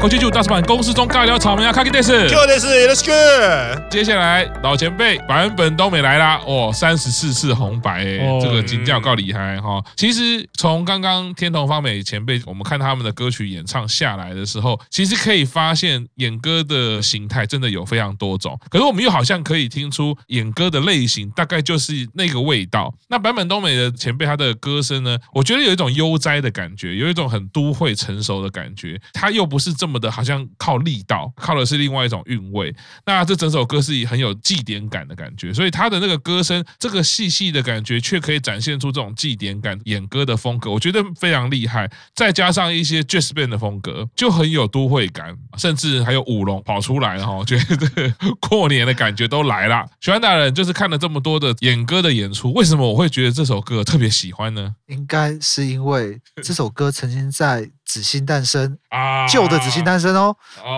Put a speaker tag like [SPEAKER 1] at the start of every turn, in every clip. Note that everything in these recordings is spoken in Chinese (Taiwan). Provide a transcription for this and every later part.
[SPEAKER 1] 空氣柱大叔坂工事中尬聊草莓啊，開機電視，開電視 Let's go 接下來，老前輩坂本冬美來啦，哦，三十四次紅白、欸，哦、這個尖叫夠厲害哈、嗯哦。其實從剛剛天童方美前輩，我們看他們的歌曲演唱下來的時候，其實可以發現，演歌的形態真的有非常多種。可是我們又好像可以聽出演歌的類型，大概就是那個味道。那坂本冬美的前輩，他的歌聲呢，我覺得有一種悠哉的感覺，有一種很都會成熟的感覺。他又不是這。這麼的，好像靠力道，靠的是另外一種韻味。那這整首歌是以很有祭典感的感覺，所以他的那個歌聲，這個細細的感覺，卻可以展現出這種祭典感。演歌的風格，我覺得非常厲害。再加上一些 Jazz Band 的風格，就很有都會感，甚至還有舞龍跑出來，哈，覺得過年的感覺都來了。喜歡大人就是看了這麼多的演歌的演出，為什麼我會覺得這首歌特別喜歡呢？
[SPEAKER 2] 應該是因為這首歌曾經在。 子欣誕生啊，舊的子欣誕生哦，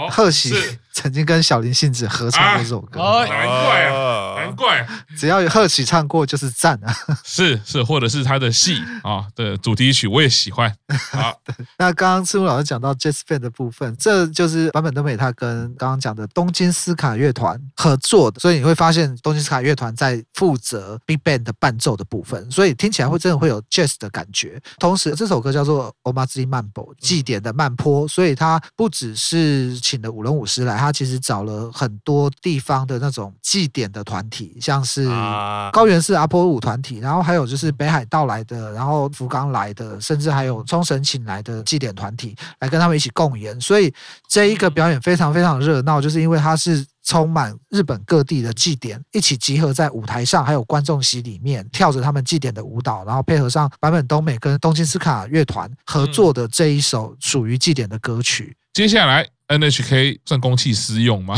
[SPEAKER 2] 賀、哦、喜是曾經跟小林幸子合唱過這首歌，啊啊、難怪、啊難怪，只要有賀喜唱過就是贊啊
[SPEAKER 1] 是！是是，或者是他的戲啊，的、 哦、主題曲我也喜歡
[SPEAKER 2] 啊。 那剛剛赤木老師講到 jazz band 的部分，這就是坂本冬美他跟剛剛講的東京斯卡樂團合作的，所以你會發現東京斯卡樂團在負責 big band 的伴奏的部分，所以聽起來會真的會有 jazz 的感覺。同時，這首歌叫做《Omatsuri Mambo 祭典的慢坡》，所以他不只是請了五輪舞師來，他其實找了很多地方的那種祭典的團體。體像是高圓寺阿波舞團體，然後還有就是北海道來的，然後福岡來的，甚至還有沖繩請來的祭典團體來跟他們一起共演，所以這一個表演非常非常熱鬧，就是因為它是充滿日本各地的祭典一起集合在舞台上，還有觀眾席裡面跳着他們祭典的舞蹈，然後配合上坂本冬美跟東京斯卡樂團合作的這一首屬於祭典的歌曲。嗯、
[SPEAKER 1] 接下來 NHK 算公器私用嗎？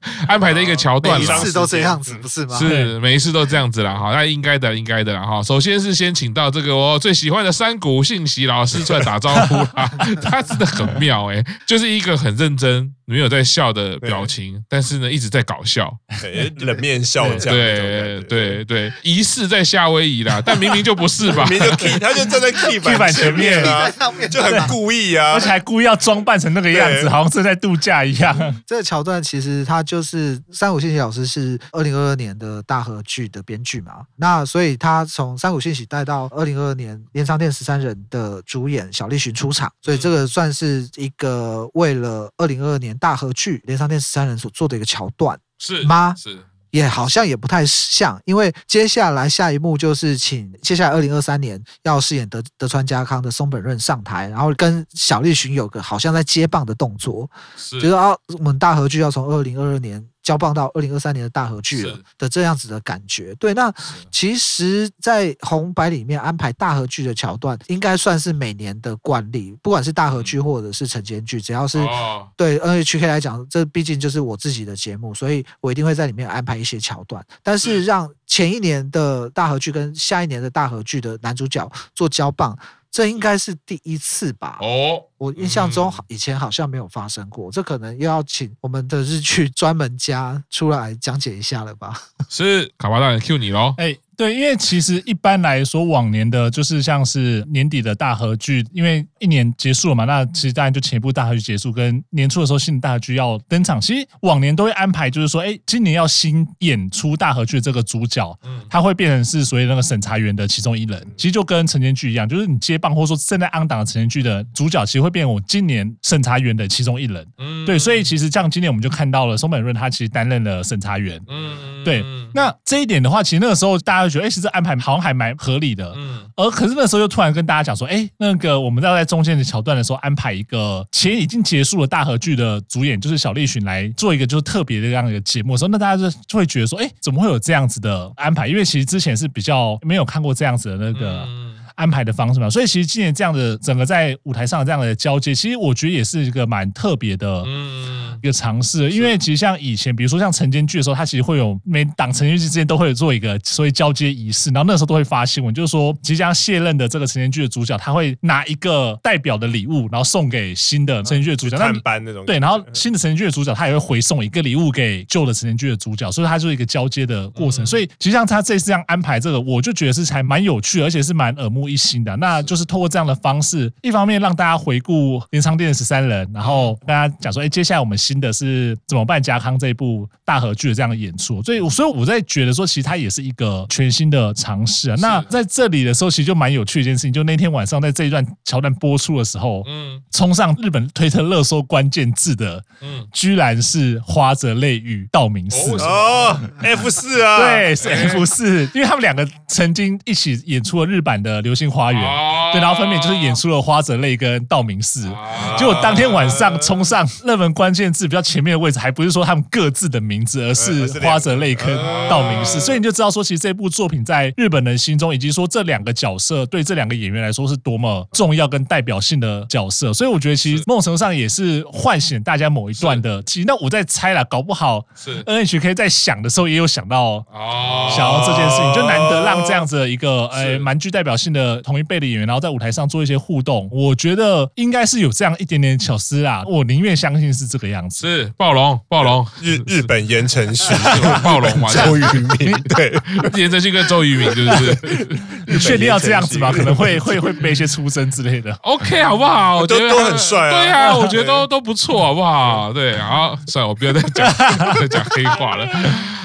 [SPEAKER 1] 安排的一個橋段、哦，每一次都這樣子，嗯、不是嗎？是，每一次都這樣子啦，哈，那應該的，應該的啦，哈。首先是先請到這個我最喜歡的山谷信息老師出來打招呼啦， 他真的很妙、欸，誒，就是一個很認真。沒有在笑的表情，對但是呢，一直在搞笑、
[SPEAKER 3] 欸，冷面笑這樣。
[SPEAKER 1] 對對對，疑似對在夏威夷啦， 但明明就不是吧？明明就 K，他就站在 K 板前面啊，面
[SPEAKER 4] 就很故意啊，對對而且還故意要裝扮成那個樣子，對好像正在度假一樣。
[SPEAKER 2] 這個橋段其實他就是三谷幸喜老師是二零二二年的大河劇的編劇嘛，那所以他從三谷幸喜帶到二零二二年《鎌倉殿十三人》的主演小栗旬出場，所以這個算是一個為了二零二二年。大河劇《鎌倉殿十三人》所做的一個橋段是嗎？是也、yeah, 好像也不太像，因為接下來下一幕就是請接下來二零二三年要飾演德德川家康的松本潤上台，然後跟小栗旬有個好像在接棒的動作，是就是說啊，我們大河劇要從二零二二年。交棒到二零二三年的大河劇了的這樣子的感覺是，對。那其實，在紅白裡面安排大河劇的橋段，應該算是每年的慣例。不管是大河劇或者是晨間劇，只要是、哦、對 NHK 來講，這畢竟就是我自己的節目，所以我一定會在裡面安排一些橋段。但是讓前一年的大河劇跟下一年的大河劇的男主角做交棒。這應該是第一次吧？哦，我印象中以前好像沒有發生過，嗯、這可能又要請我們的日劇專門家出來講解一下了吧？
[SPEAKER 1] 是卡巴大人 cue 你嘍？欸
[SPEAKER 4] 對，因為其實一般來說，往年的就是像是年底的大河劇，因為一年結束了嘛，那其實當然就前一部大河劇結束，跟年初的時候新的大河劇要登場，其實往年都會安排，就是說，哎，今年要新演出大河劇的這個主角，嗯，他會變成是所謂那個審查員的其中一人，其實就跟晨間劇一樣，就是你接棒或者說正在 on 檔的晨間劇的主角，其實會變成我今年審查員的其中一人，嗯，對，所以其實像今年我們就看到了松本潤，他其實擔任了審查員，嗯，對，那這一點的話，其實那個時候大家。就覺得哎、欸，其實安排好像還蠻合理的，嗯，而可是那時候又突然跟大家講說，哎，那個我們要在中間的橋段的時候安排一個前已經結束了大河劇的主演，就是小栗旬來做一個就是特別的這樣一個節目的時候，那大家就就會覺得說，哎，怎麼會有這樣子的安排？因為其實之前是比較沒有看過這樣子的那個安排的方式嘛，所以其實今年這樣的整個在舞台上這樣的交接，其實我覺得也是一個蠻特別的，嗯。一個嘗試，因為其實像以前，比如說像《晨間劇》的時候，他其實會有每檔《晨間劇》之間都會有做一個所謂交接儀式，然後那時候都會發新聞，就是說即將卸任的這個《晨間劇》的主角，他會拿一個代表的禮物，然後送給新的《晨間劇》的主角，換班那種。對，然後新的《晨間劇》的主角他也會回送一個禮物給舊的《晨間劇》的主角，所以他就是一個交接的過程。所以其實像他這次這樣安排這個，我就覺得是還蠻有趣，而且是蠻耳目一新的。那就是透過這樣的方式，一方面讓大家回顧《鎌倉殿的13人》，然後大家講說，哎，接下來我們新。真的是怎麼辦？家康這一部大河劇的這樣的演出，所以所以我在覺得說，其實它也是一個全新的嘗試啊。那在這裡的時候，其實就蠻有趣的一件事情，就那天晚上在這一段橋段播出的時候，嗯，衝上日本推特熱搜關鍵字的，居然是花澤類與道明寺
[SPEAKER 3] 哦，F 四啊，對，是 F 四，因為他們
[SPEAKER 4] 兩個曾經一起演出了日版的《流星花園》，對，然後分別就是演出了花澤類跟道明寺，結果當天晚上衝上熱門關鍵。字比較前面的位置，還不是說他們各自的名字，而是花澤類跟道明寺，呃呃、所以你就知道說，其實這部作品在日本人心中，以及說這兩個角色對這兩個演員來說是多麼重要跟代表性的角色。所以我覺得，其實某種程度上也是喚醒大家某一段的。其實那我在猜啦，搞不好是 NHK 在想的時候也有想到
[SPEAKER 2] 哦，想到這件事情，就難
[SPEAKER 4] 得讓這樣子一個呃蠻、啊、具代表性的同一輩的演員，然後在舞台上做一些互動。我覺得應該是有這樣一點點巧思啊，我寧願相信是這個樣的。
[SPEAKER 1] 是暴龍，暴
[SPEAKER 3] 龍，日日本言承旭，暴龍周渝民，對，言承旭跟周渝民，就是，你確定要這樣子嗎？可能會
[SPEAKER 4] 會會背一些出生之類的。
[SPEAKER 1] OK，好不好？我覺得都很帥，對啊，我覺得都都不錯，好不好？對，然後算了，我不要再講再講黑話了。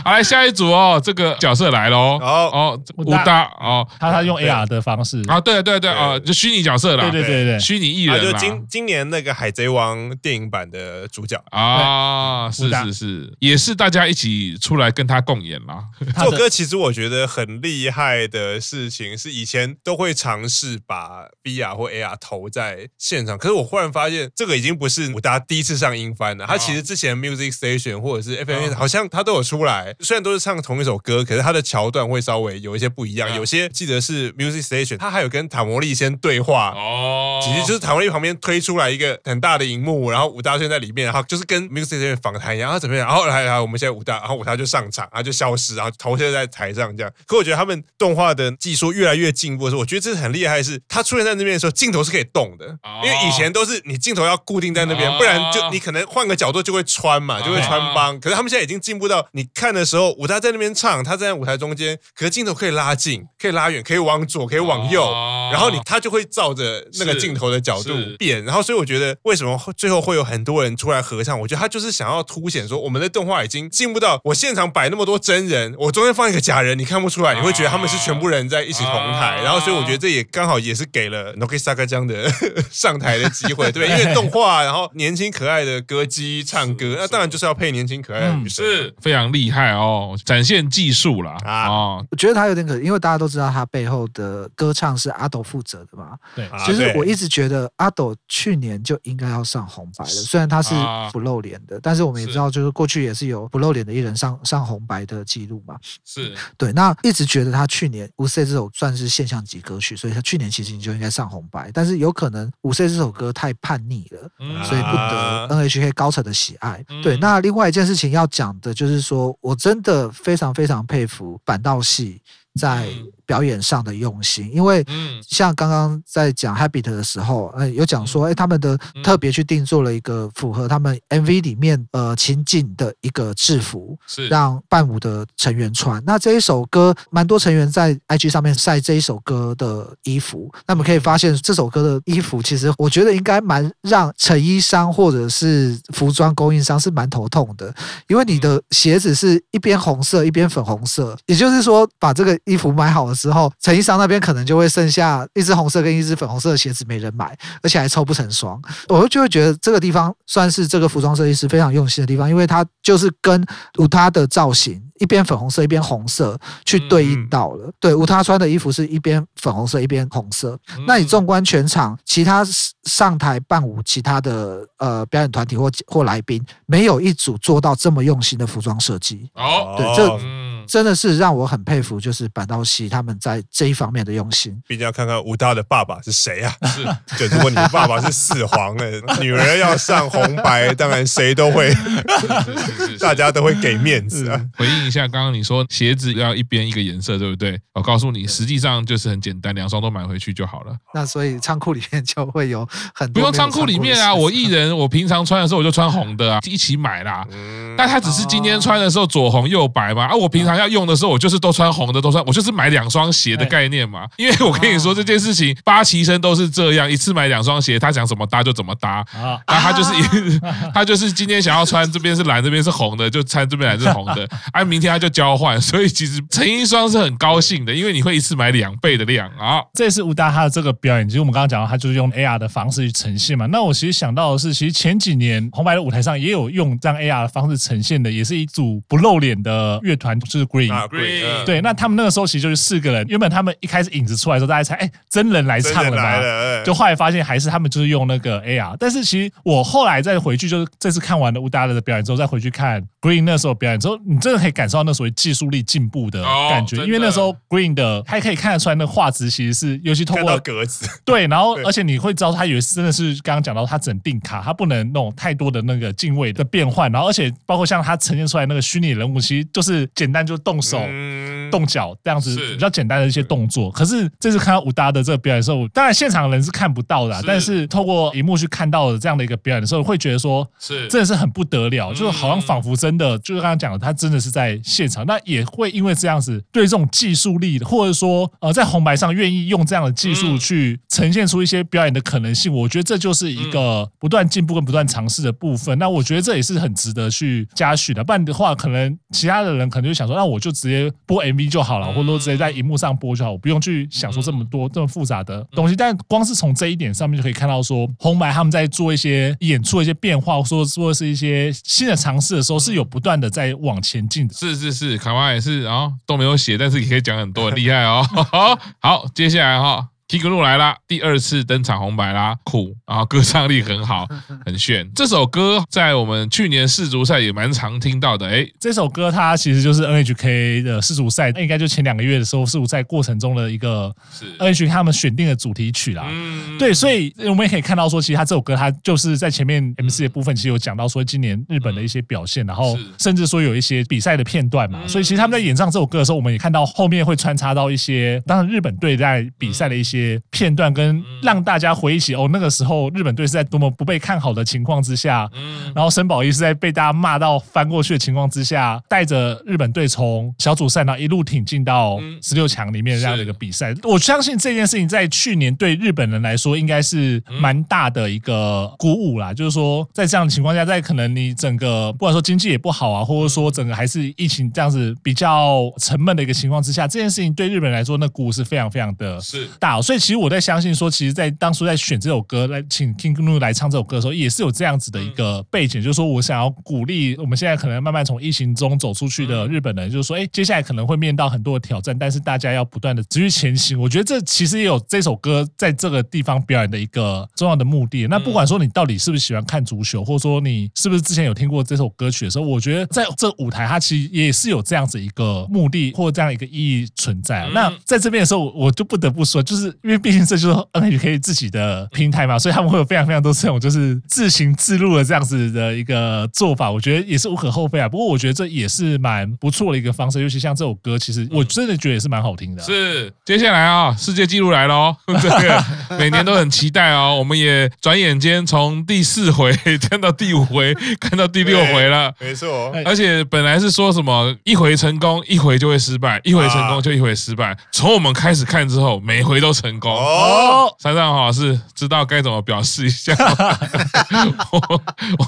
[SPEAKER 1] 好來下一組哦，這個角色來咯。Oh, 哦，哦，武大哦，
[SPEAKER 4] 他他用 AR 的方式啊，對對對，對啊，就虛擬角色啦，對對對對，虛擬藝人啦，就今
[SPEAKER 3] 今年那個海賊王電影版的主角啊，對是
[SPEAKER 1] 是是，打也是大家一起出來跟他共演啦。這首歌
[SPEAKER 3] 其實我覺得很厲害的事情是，以前都會嘗試把 VR 或 AR 投在現場，可是我忽然發現這個已經不是武大第一次上音番了，他其實之前 Music Station 或者是 FNS 好像他都有出來。雖然都是唱同一首歌，可是他的橋段會稍微有一些不一樣。有些記得是 Music Station，他還有跟塔摩利先對話哦。Oh. 其實就是台位旁邊推出來一個很大的熒幕，然後武大就在裡面，然後就是跟 Mixi 這邊訪談一樣，然、啊、後怎麼樣？然後來來，來，我們現在武大，然後武大就上場，然後就消失，然後頭位就在台上這樣。可我覺得他們動畫的技術越來越進步的時候，我覺得這是很厲害的是，是他出現在那邊的時候，鏡頭是可以動的，因為以前都是你鏡頭要固定在那邊，不然就你可能換個角度就會穿嘛，就會穿幫。可是他們現在已經進步到，你看的時候，武大在那邊唱，他在舞台中間，可是鏡頭可以拉近，可以拉遠，可以，可以往左，可以往右，啊、然後你他就會照着那個鏡頭。鏡頭的角度變，是然後所以我覺得為什麼最後會有很多人出來合唱？我覺得他就是想要凸顯說，我們的動畫已經進步到我現場擺那麼多真人，我中間放一個假人，你看不出來，你會覺得他們是全部人在一起同台。啊啊、然後所以我覺得這也剛好也是給了乃木坂、ok、這樣的呵呵上台的機會，啊、對，對因為動畫，然後年輕可愛的歌姬唱歌，是是是那當然就是要配年輕可愛的女生，嗯、是
[SPEAKER 1] 非常厲害哦，展現技術了啊！啊
[SPEAKER 2] 我覺得他有點可，因為大家都知道他背後的歌唱是阿斗負責的嘛，對，其實、啊、我一直。一直覺得阿斗去年就應該要上紅白了，雖然他是不露臉的，但是我們也知道，就是過去也是有不露臉的藝人上上紅白的記錄嘛、嗯。是對，那一直覺得他去年《五歲》這首算是現象級歌曲，所以他去年其實你就應該上紅白，但是有可能《五歲》這首歌太叛逆了、嗯，所以不得 NHK 高層的喜愛。對，那另外一件事情要講的就是說我真的非常非常佩服坂道系在表演上的用心，因為嗯，像剛剛在講《Habit》的時候，嗯、哎，有講說，哎，他們的特別去定做了一個符合他們 MV 裡面呃情景的一個制服，是讓伴舞的成員穿。那這一首歌，蠻多成員在 IG 上面晒這一首歌的衣服。那我們可以發現，這首歌的衣服，其實我覺得應該蠻讓成衣商或者是服裝供應商是蠻頭痛的，因為你的鞋子是一邊紅色一邊粉紅色，也就是說，把這個衣服買好了。之後，陳一商那邊可能就會剩下一隻紅色跟一隻粉紅色的鞋子沒人買，而且還湊不成雙。我就會覺得這個地方算是這個服裝設計師非常用心的地方，因為它就是跟無他的造型一邊粉紅色一邊紅色去對應到了。嗯、對，嗯、無他穿的衣服是一邊粉紅色一邊紅色。嗯、那你縱觀全場，其他上台伴舞其他的呃表演團體或或來賓，沒有一組做到這麼用心的服裝設計。
[SPEAKER 3] 哦對，對這。嗯
[SPEAKER 2] 真的是讓我很佩服，就是坂道系他們在這一方面的用心。畢
[SPEAKER 3] 竟要看看武大的爸爸是誰啊？是，對，如果你爸爸是四皇、欸，女兒要上紅
[SPEAKER 2] 白，當然誰都會，大家都會給面子。啊。
[SPEAKER 1] 回應一下剛剛你說鞋子要一邊一個顏色，對不對？我告訴你，實際上就是很簡單，兩雙都買回去就好了。
[SPEAKER 2] 對 那所以倉庫裡面就會有很多。不用倉庫裡面啊，我一
[SPEAKER 1] 人，我平常穿的時候我就穿紅的啊，一起買啦。但他只是今天穿的時候左紅右白嘛，啊，我平常。嗯嗯要用的時候，我就是都穿紅的，都穿我就是買兩雙鞋的概念嘛。因為我跟你說這件事情，八旗生都是這樣，一次買兩雙鞋，他想怎麼搭就怎麼搭。那、哦、他就是一，啊、 他就是今天想要穿這邊是藍， 這邊是紅的，就穿這邊藍是紅的。 啊，明天他就交換。所以其實成一雙是很高興的，因為你會一次買兩倍的量啊。
[SPEAKER 4] 哦、這是 Ado 他的這個表演，其實我們剛剛講到，他就是用 AR 的方式去呈現嘛。那我其實想到的是，其實前幾年紅白的舞台上也有用這樣 AR 的方式呈現的，也是一組不露臉的樂團、就是 Green，,、ah, Green uh, 對，那他們那個時候其實就是四個人。原本他們一開始影子出來的時候，大家猜哎，欸，真人來唱了，就後來發現還是他們就是用那個 AR。但是其實我後來再回去，就是這次看完了烏達的表演之後，再回去看 Green 那時候表演之後，你真的可以感受到那所謂技術力進步的感覺。Oh, 因為那時候 Green 的還可以看得出來，那個畫質其實是，尤其通過格子對，然後而且你會知道他以為真的是剛剛講到他只能定卡，他不能弄太多的那個鏡位的變換。然後而且包括像他呈現出來那個虛擬人物，其實就是簡單。就動手，嗯，動腳這樣子比較簡單的一些動作，可是這次看到武打的這個表演的時候，當然現場的人是看不到的，啊，但是透過熒幕去看到的這樣的一個表演的時候，會覺得說，真的是很不得了，就是好像仿佛真的，就是剛剛講的，他真的是在現場。那也會因為這樣子，對這種技術力，或者說呃，在紅白上願意用這樣的技術去呈現出一些表演的可能性，我覺得這就是一個不斷進步跟不斷嘗試的部分。那我覺得這也是很值得去嘉許的。不然的話，可能其他的人可能就想說，那我就直接播 M。就好了，嗯、或者說直接在熒幕上播就好，我不用去想說這麼多，嗯、這麼複雜的東西。嗯、但光是從這一點上面就可以看到說，說、嗯、紅白他們在做一些演出，一些變化，說說是一些新的嘗試的時候，是有不斷的在往前進的。
[SPEAKER 1] 是是是，卡哇也是啊，哦，都沒有寫，但是也可以講很多，厲害哦。 好，接下來哈，哦。提格路來啦，第二次登場紅白啦，酷，然、啊、後歌唱力很好，很炫。 這首歌在我們去年世足賽也蠻常聽到的。誒，
[SPEAKER 4] 這首歌它其實就是 NHK 的世足賽，那應該就前兩個月的時候世足賽過程中的一個 NHK 他們選定的主題曲啦。是對，所以我們也可以看到說，其實他這首歌它就是在前面 MC 的部分，其實有講到說今年日本的一些表現，然後甚至說有一些比賽的片段嘛。嗯、所以其實他們在演唱這首歌的時候，我們也看到後面會穿插到一些，當然日本隊在比賽的一些。片段跟，讓大家回憶起哦，那個時候日本隊是在多麼不被看好的情況之下，嗯，然後森保一是在被大家罵到翻過去的情況之下，帶着日本隊從小組賽呢一路挺進到十六強裡面這樣的一個比賽。的我相信這件事情在去年對日本人來說應該是蠻大的一個鼓舞啦，就是說在這樣的情況下，在可能你整個不管說經濟也不好啊，或者說整個還是疫情這樣子比較沉悶的一個情況之下，這件事情對日本來說那鼓舞是非常非常的是大。是所以其實我在相信說，其實，在當初在選這首歌來請 King Gnu 來唱這首歌的時候，也是有這樣子的一個背景，就是說我想要鼓勵我們現在可能慢慢從疫情中走出去的日本人，就是說，哎，接下來可能會面到很多的挑戰，但是大家要不斷的持續前行。我覺得這其實也有這首歌在這個地方表演的一個重要的目的。那不管說你到底是不是喜歡看足球，或者說你是不是之前有聽過這首歌曲的時候，我覺得在這舞台，它其實也是有這樣子一個目的或這樣一個意義存在、啊。那在這邊的時候，我就不得不說，就是。因為畢竟這就是 NHK 自己的平台嘛，所以他們會有非常非常多這種就是自行自錄的這樣子的一個做法，我覺得也是無可厚非啊。不過我覺得這也是蠻不錯的一個方式，尤其像這首歌，其實我真的覺得也是蠻好聽的。
[SPEAKER 1] 嗯、是，接下來啊、哦，世界紀錄來了，這個每年都很期待哦， 我們也轉眼間從第四回看到第五回，看到第六回了，沒
[SPEAKER 3] 錯。而且
[SPEAKER 1] 本來是說什麼一回成功，一回就會失敗；一回成功就一回失敗。從我們開始看之後，每回都是。成功哦，山上好老師知道該怎麼表示一下。 我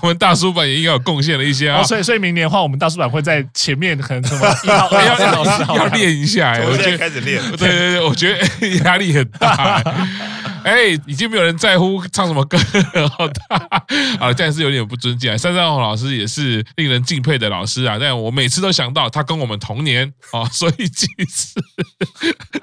[SPEAKER 1] 我們大叔坂也應該有貢獻了一些啊，哦、所以
[SPEAKER 4] 所以明年的話，我們大叔坂會在前面可能什麼 號 要
[SPEAKER 1] 要練 一下、欸。我現在開始練，對，對對對，我覺得壓力很大、欸。 哎、欸，已經沒有人在乎唱什麼歌了，好、哦，樣、啊、是有點不尊敬。山山紅老師也是令人敬佩的老師啊，但我每次都想到他跟我們同年哦，所以其實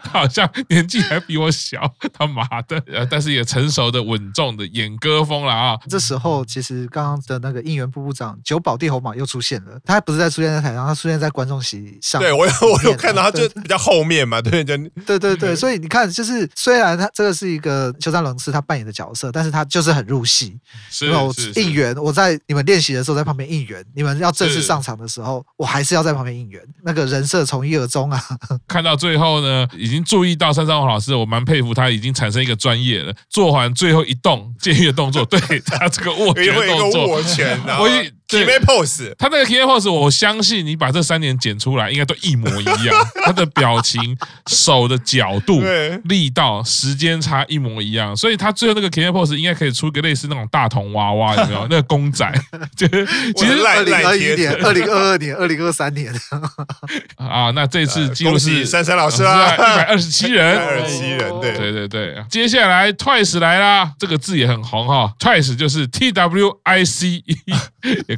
[SPEAKER 2] 他好像年紀還比我小，他媽
[SPEAKER 1] 的！啊、但是也成熟的穩重的演
[SPEAKER 2] 歌風了啊。哦、這時候其實剛剛的那個應援部部長九寶地猴馬又出現了，他還不是在出現在台上，他出現在觀眾席
[SPEAKER 3] 上。對我有，我有看到他，就比較後面嘛，對人對，對？
[SPEAKER 2] 對，對對對，所以你看，就是雖然他這個是一個。邱山龍是他扮演的角色，但是他就是很入戲。我是應援，我在你們練習的時候在旁邊應援，是你們要正式上場的時候，是我還是要在旁邊應援。那個人設從一而終啊！
[SPEAKER 1] 看到最後呢，已經注意到山山龍老師，我蠻佩服他，已經產生一個專業了。做完最後一動監獄的動作， 對他這個握拳的動作。K-popos，他那個 K-popos，我相信你把這三年剪出來，應該都一模一樣。他的表情、手的角度、力道、時間差一模一樣，所以他最後那個 K-popos 應該可以出個類似那種大童娃娃，有沒有？那個公仔？其實二零二一
[SPEAKER 2] 年、二零二二年、二
[SPEAKER 1] 零二三年啊，那這次記錄是珊珊老師啊，二百二十七人，二十七人，對對對對。接下來 Twice 來啦，這個字也很紅哈。Twice 就是 T-W-I-C-E。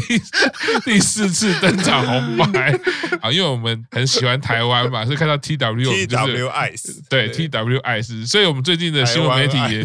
[SPEAKER 1] 第 第四次登場紅白，啊，因為我們很喜歡台灣嘛，所以看到 TWS 對 TWS，對，對 TWS 所以我們最近的新聞媒體也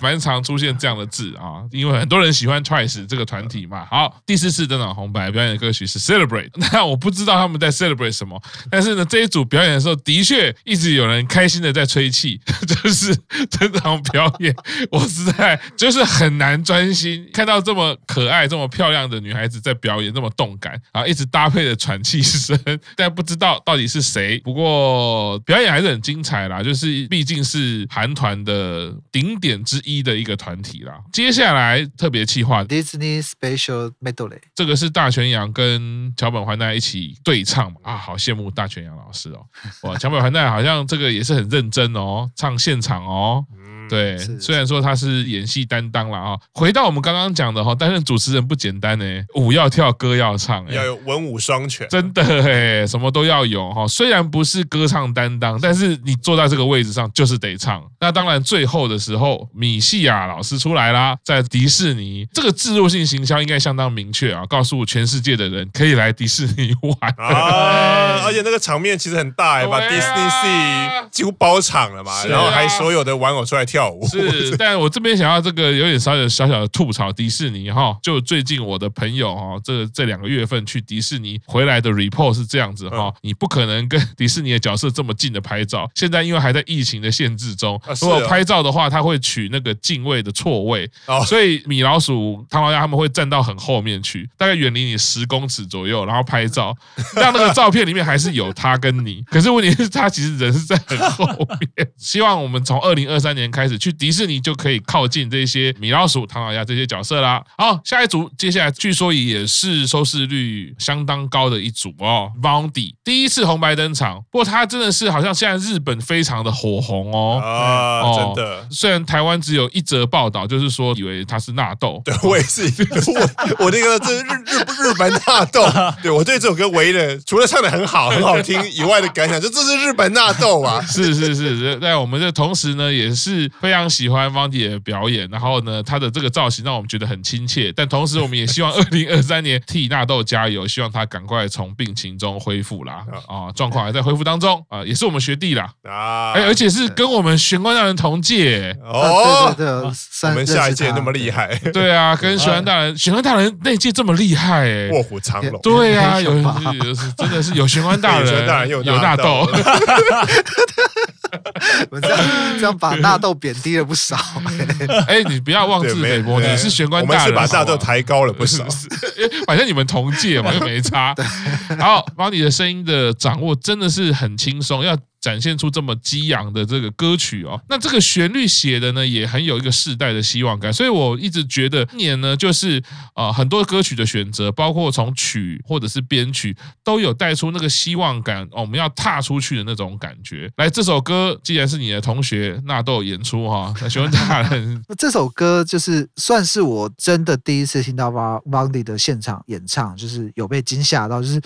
[SPEAKER 1] 蠻常出現這樣的字啊，因為很多人喜歡 Twice 這個團體嘛。好，第四次登場紅白表演的歌曲是 Celebrate，那我不知道他們在 Celebrate 什麼，但是呢，這一組表演的時候，的確一直有人開心的在吹氣，就是登場表演，我實在就是很難專心看到這麼可愛、這麼漂亮的女孩子。一直在表演那麼動感，然後一直搭配的喘氣聲，但不知道到底是誰。不過表演還是很精彩啦，就是畢竟是韓團的頂點之一的一個團體啦。接下來特別企劃《Disney Special Medley》，這個是大泉洋跟橋本環奈一起對唱嘛啊，好羨慕大泉洋老師哦。哇，橋本環奈好像這個也是很認真哦，唱現場哦。嗯對，是是是雖然說他是演戲擔當了啊、哦，回到我們剛剛講的哈、哦，擔任主持人不簡單呢，舞要跳，歌要唱，
[SPEAKER 3] 哎，要有文武雙全，
[SPEAKER 1] 真的嘿，什麼都要有哈。雖然不是歌唱擔當，但是你坐在這個位置上就是得唱。那當然最後的時候，米西亞老師出來啦，在迪士尼，這個置入性行銷應該相當明確啊，告訴全世界的人可以來迪士尼玩，
[SPEAKER 3] 啊，而且那個場面其實很大哎，把 DisneySea 幾乎包場了嘛，啊、然後還所有的玩偶出來跳。是，
[SPEAKER 1] 但我這邊想要這個有點稍有小小的吐槽迪士尼哈，就最近我的朋友哈，這這兩個月份去迪士尼回來的 report 是這樣子哈，你不可能跟迪士尼的角色這麼近的拍照。現在因為還在疫情的限制中，如果拍照的話，他會取那個進位的錯位，所以米老鼠、唐老鴨他們會站到很後面去，大概遠離你十公尺左右，然後拍照，但那個照片裡面還是有他跟你，可是問題是他其實人是在很後面。希望我們從二零二三年開始。去迪士尼就可以靠近這些米老鼠、唐老鴨這些角色啦。好，下一組接下來據說也是收視率相當高的一組哦。Vaundy 第一次紅白登場，不過他真的是好像現在日本非常的火紅哦。啊，真的。雖然台灣只有一則報道，就是說以為他是納豆。對
[SPEAKER 3] 我也是，我我那個這是日日日,日本納豆。對我對這首歌唯一的除了唱的很好很好聽以外的感想，就這是日本納豆啊。是,是是是，
[SPEAKER 1] 在我們的同時呢，也是。非常喜歡方姐的表演，然後呢，她的這個造型讓我們覺得很親切。但同時，我們也希望二零二三年替納豆加油，希望他趕快從病情中恢復啦。啊，啊，狀況還在恢復當中啊，也是我們學弟啦啊、欸，而且是跟我們玄關大人同屆哦，三我
[SPEAKER 2] 們下一屆那麼
[SPEAKER 1] 厲害，對，對啊，跟玄關大人玄關大人那屆這麼厲害、欸，臥虎藏龍對，對啊，有，有，有真的是有玄關大人，大人又有納豆。
[SPEAKER 2] 我這樣這樣把大豆貶低了不少、
[SPEAKER 1] 欸。哎、欸，你不要妄自菲薄，你是玄關大哥，我們是把大豆
[SPEAKER 3] 抬高了不少。不是不是
[SPEAKER 1] 欸、反正你們同屆嘛， 又沒差。然後對把你的聲音的掌握真的是很輕鬆，要。展現出這麼激昂的這個歌曲哦，那這個旋律寫的呢也很有一個世代的希望感，所以我一直覺得今年呢就是啊、呃、很多歌曲的選擇，包括從曲或者是編曲都有帶出那個希望感哦，我們要踏出去的那種感覺。來，這首歌既然是你的同學那都有演出哈、啊，詢問大人，
[SPEAKER 2] 那 這首歌就是算是我真的第一次聽到 Vaundy 的現場演唱，就是有被驚嚇到，就是。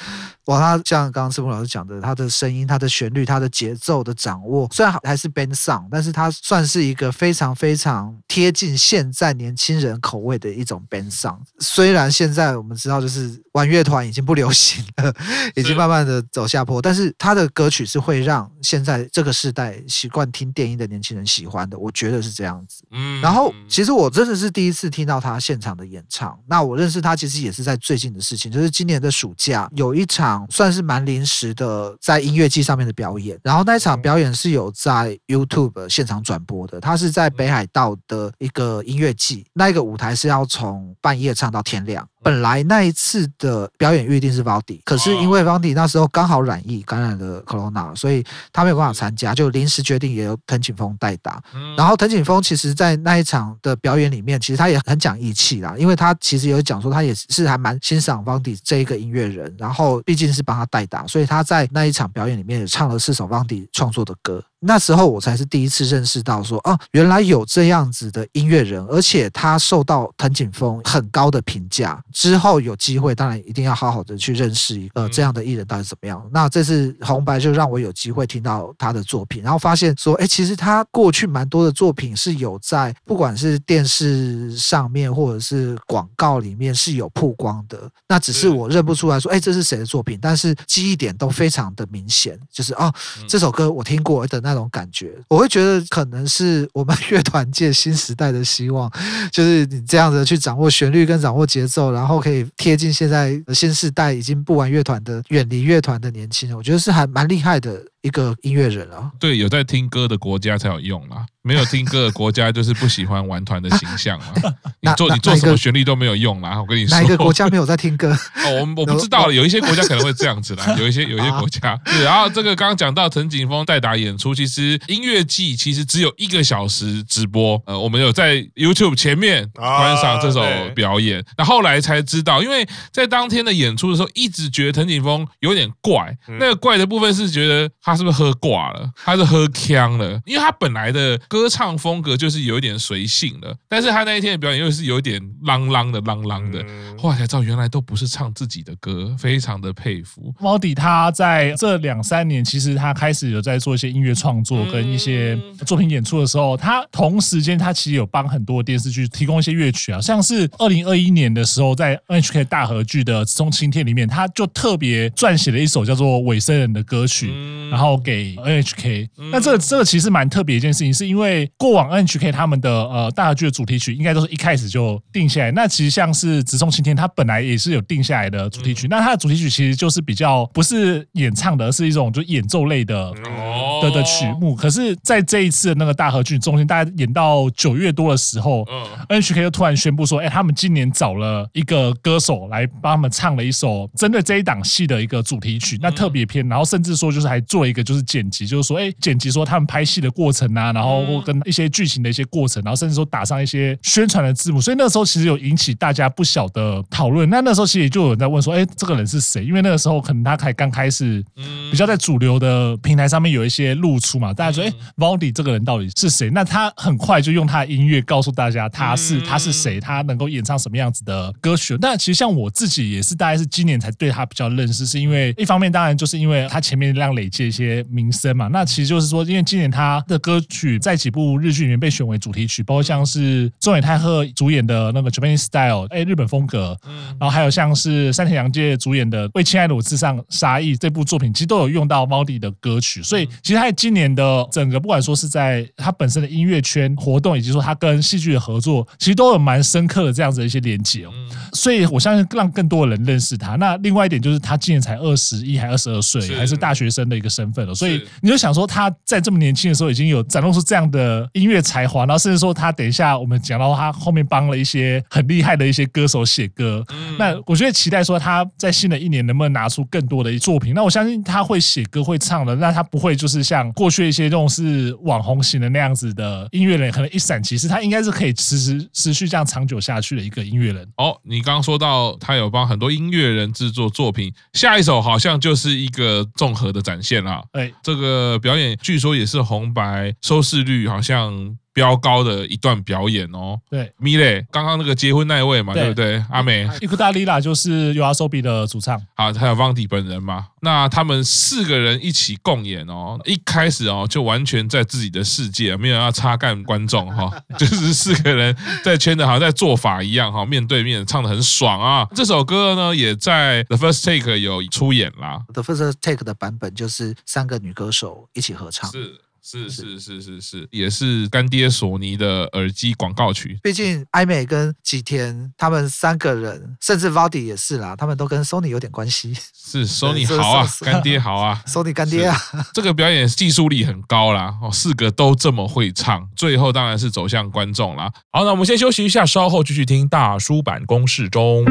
[SPEAKER 2] 哇，他像剛剛志博老師講的，他的聲音、他的旋律、他的節奏的掌握，雖然還是 band song，但是他算是一個非常非常貼近現在年輕人口味的一種 band song。雖然現在我們知道，就是玩樂團已經不流行了，已經慢慢的走下坡，是但是他的歌曲是會讓現在這個世代習慣聽電音的年輕人喜歡的，我覺得是這樣子。嗯，然後其實我真的是第一次聽到他現場的演唱。那我認識他其實也是在最近的事情，就是今年的暑假有一場。算是蠻臨時的，在音樂季上面的表演。然後那場表演是有在 YouTube 現場轉播的，它是在北海道的一個音樂季，那一個舞台是要從半夜唱到天亮。本來那一次的表演預定是 Vaundy 可是因為 Vaundy 那時候剛好染疫感染了 Corona，所以他沒有辦法參加，就臨時決定也由藤井風代打。嗯、然後藤井風其實在那一場的表演裡面，其實他也很講義氣啦，因為他其實有講說他也是還蠻欣賞 Vaundy 這一個音樂人，然後畢竟是幫他代打，所以他在那一場表演裡面也唱了四首 Vaundy 創作的歌。那時候我才是第一次認識到說，哦、啊，原來有這樣子的音樂人，而且他受到藤井風很高的評價。之後有機會，當然一定要好好的去認識一個這樣的藝人，到底怎麼樣？那這次紅白就讓我有機會聽到他的作品，然後發現說，哎，其實他過去蠻多的作品是有在不管是電視上面或者是廣告裡面是有曝光的。那只是我認不出來說，哎，這是誰的作品？但是記憶點都非常的明顯，就是哦、啊，這首歌我聽過的那種感覺，我會覺得可能是我們樂團界新時代的希望，就是你這樣子去掌握旋律跟掌握節奏了。然後可以貼近現在新世代已經不玩樂團的、遠離樂團的年輕人，我覺得是還蠻厲害的。一個音樂人
[SPEAKER 1] 啊，對，有在聽歌的國家才有用啦，沒有聽歌的國家就是不喜歡玩團的形象啊。你
[SPEAKER 2] 做你做什麼旋
[SPEAKER 1] 律都沒有用啦，我跟你說，哪一個國家
[SPEAKER 2] 沒有在聽歌？哦，我我不知道，我有一些國家可能會這樣子啦，有一些有一些國
[SPEAKER 1] 家。啊、對，然後這個剛剛講到藤井風代打演出，其實音樂季其實只有一個小時直播，呃，我們有在 YouTube 前面觀賞這首表演，那、啊、後來才知道，因為在當天的演出的時候，一直覺得藤井風有點怪，嗯、那個怪的部分是覺得。他是不是喝掛了？他是喝嗆了，因為他本來的歌唱風格就是有一點隨性了，但是他那一天的表演又是有一點啷啷的啷啷的，後來才知道原來都不是唱自己的歌，非常的佩服。
[SPEAKER 4] 貓迪他在這兩三年，其實他開始有在做一些音樂創作跟一些作品演出的時候，他同時間他其實有幫很多電視劇提供一些樂曲啊，像是二零二一年的時候，在 NHK 大河劇的《中青天》裡面，他就特別撰寫了一首叫做《尾生人》的歌曲。嗯然後給 NHK，那這個這個其實蠻特別的一件事情，是因為過往 NHK 他們的呃大河劇的主題曲應該都是一開始就定下來。那其實像是直衝青天，它本來也是有定下來的主題曲。嗯、那它的主題曲其實就是比較不是演唱的，而是一種就演奏類的、哦、的的曲目。可是在這一次的那個大河劇中心，大家演到九月多的時候、哦、，NHK 又突然宣布說，哎、欸，他們今年找了一個歌手來幫他們唱了一首針對這一檔戲的一個主題曲，那特別篇。然後甚至說就是還做了一。一個就是剪輯，就是說，哎，剪輯說他們拍戲的過程啊，然後或跟一些劇情的一些過程，然後甚至說打上一些宣傳的字幕，所以那時候其實有引起大家不小的討論。那那時候其實也就有人在問說，哎，這個人是誰？因為那個時候可能他才剛開始，比較在主流的平台上面有一些露出嘛。大家說，欸、哎，Vaundy 這個人到底是誰？那他很快就用他的音樂告訴大家他是他是誰，他能夠演唱什麼樣子的歌曲。那其實像我自己也是，大概是今年才對他比較認識，是因為一方面當然就是因為他前面量累積一些。些名聲嘛，那其實就是說，因為今年他的歌曲在幾部日劇裡面被選為主題曲，包括像是仲野太賀主演的那個《Japanese Style》哎，日本風格，嗯，然後還有像是山田洋介主演的《為親愛的我獻上殺意》這部作品，其實都有用到貓弟的歌曲，所以其實他今年的整個不管說是在他本身的音樂圈活動，以及說他跟戲劇的合作，其實都有蠻深刻的這樣子的一些連接，哦，嗯，所以我相信讓更多的人認識他。那另外一點就是，他今年才二十一還二十二歲，是還是大學生的一個生身份了，所以你就想說他在這麼年輕的時候已經有展露出這樣的音樂才華，然後甚至說他，等一下我們講到他後面幫了一些很厲害的一些歌手寫歌，嗯，那我覺得期待說他在新的一年能不能拿出更多的作品。那我相信他會寫歌會唱的，那他不會就是像過去一些這種是網紅型的那樣子的音樂人，可能一閃即逝，他應該是可以持持持續這樣長久下去的
[SPEAKER 1] 一個音樂人。哦，你剛剛說到他有幫很多音樂人制作作品，下一首好像就是一個綜合的展現了。哎，這個表演據說也是紅白，收視率好像飆高的一段表演哦，對，Milet 剛剛那個結婚那位嘛，對,對不對？Aimer，
[SPEAKER 4] 幾田莉拉就是 YOASOBI 的主唱，
[SPEAKER 1] 好，還有 Vaundy 本人嘛。那他們四個人一起共演哦，一開始哦就完全在自己的世界，沒有要擦乾觀眾哈、哦， 就是四個人在圈的，好像在做法一樣哈、哦，面對面唱得很爽啊。 這首歌呢也在 The First Take 有出演啦
[SPEAKER 2] ，The First Take 的版本就是三個女歌手一起合唱。是。是是是
[SPEAKER 1] 是是，是，也是乾爹索尼的耳機廣告曲。
[SPEAKER 2] 畢竟艾美跟吉田他們三個人，甚至 Vody 也是啦，他們都跟索尼有點關係。
[SPEAKER 1] 是索尼好啊，乾是爹好啊，索尼乾爹啊，這個表演技術力很高啦。哦，四個都這麼會唱，最後當然是走向觀眾啦。好，那我們先休息一下，稍後繼續聽大叔坂工事中。